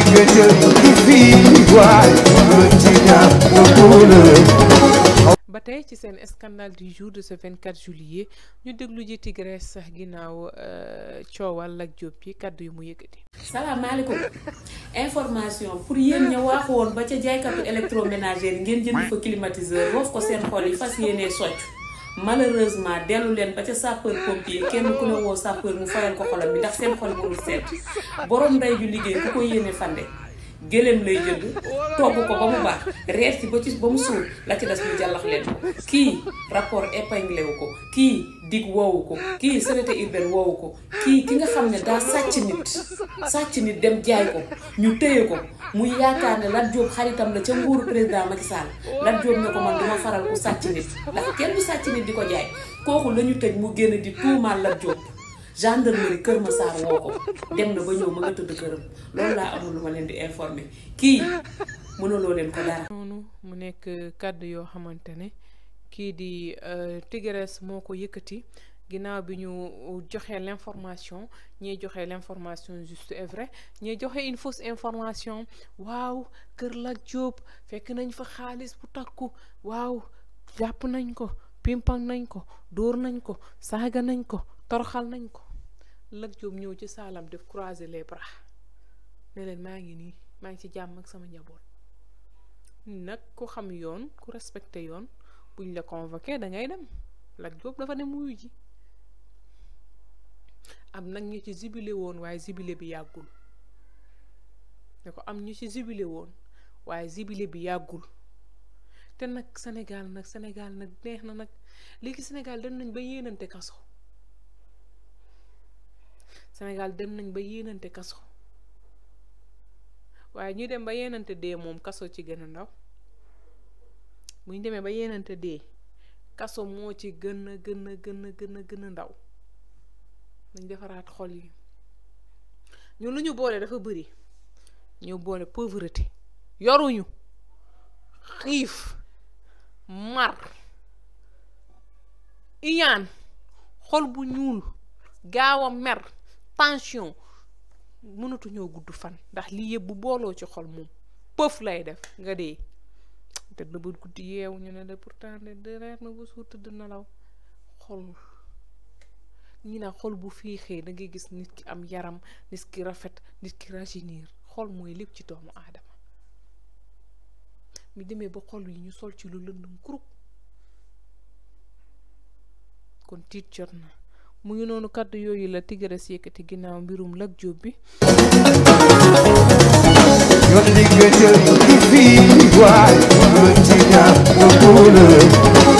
nga ci ba tey ci seen scandale du jour de ce 24 juillet ñu déglu ji Tigresse sax ginnaaw euh, coowal ak Diop yi kàddu yu mu yëkkati. salaamaaleykum information pour yéen ña waaxu woon ba ca jaaykatu électroménager yi ngeen jënd fa climatiseur woof ko seen xol yi fas yéenee socc. malheureusement dellu leen ba ca sapeur pompier kenn ku la woo sapeur mu fayal ko xolam bi ndax seen xol mënul seet borom ndey ju liggéey ku ko yéene fande gëléem lay jënd togg ko ba mu baax reer ci ba ci ba mu suur la ci des ñu jàllax leen kii rapport épinglé wu ko kii dig woowu ko kii santé urbaine woowu ko kii ki nga xam ne daa sàcc nit sàcc nit dem jaay ko ñu téye ko muy yaakaar ne Lat xaritam la ca nguuru président Macky Sall Lat Diop ne ko man duma faral ku sàcc nit ndax kenn du sàcc nit di ko jaay kooku la ñu tëj mu génn di tuumaal Lat Diop gendarmerie Kër Massar woo ko dem na ba ñëw ma nga tëdd këram loolu laa amul lu ma leen di informer kii mënuloo leen ko dara. noonu mu nekk kàddu yoo xamante ne kii di euh, Tigresse moo ko yëkkati. ginnaaw bi ñu euh, joxe l'information ñiy joxe l'information juste et vrai ñiy joxe une fausse information waaw Kër Lak Diop fekk nañ fa xaalis bu takku waaw jàpp nañ ko pimpang nañ ko dóor nañ ko saaga nañ ko toroxal nañ ko Lak Diop ñëw ci saalam def croiser les bras maa ngi nii maa ngi ci jàmm ak sama njaboot nag ku xam yoon ku respecté yoon buñ la convoqué da dem Lat dafa dem wuyu ji am nag ñu ci jubilé woon waaye jubilé bi yàggul ne ko am ñu ci jubilé woon waaye jubilé bi yàggul te nag Sénégal nag Sénégal nag neex na nag léegi Sénégal dem nañ ba yéenante kaso Sénégal dem nañ ba yéenante kaso waaye ñu dem ba yéenante dee moom kaso ci gën a ndaw bu ñu demee ba yéenante dee kaso moo ci gën a gën a gën a gën a gën ndaw dañ defaraat xol yi ñun lu ñu boole dafa bëri ñu boole pauvreté yoruñu xiif mar iñaan xol bu ñuul gaaw a mer tension mënatuñoo gudd fan ndax lii yëpp bu booloo ci xol moom pëf lay def nga dee te ba guddi yeewu ñu ne de pourtant de reer na ba suur tëdd nelaw xol ñi na xol bu fiixee da gis nit ki am yaram nit ki rafet nit ki rajeunir xol mooy lépp ci doomu aadama mi demee ba xol yi ñu sol ci lu lëndëm kurub kon tiit jot na mu ngi noonu kàddu yooyu la Tigres yëkkati ginnaaw mbirum Lat Diop bi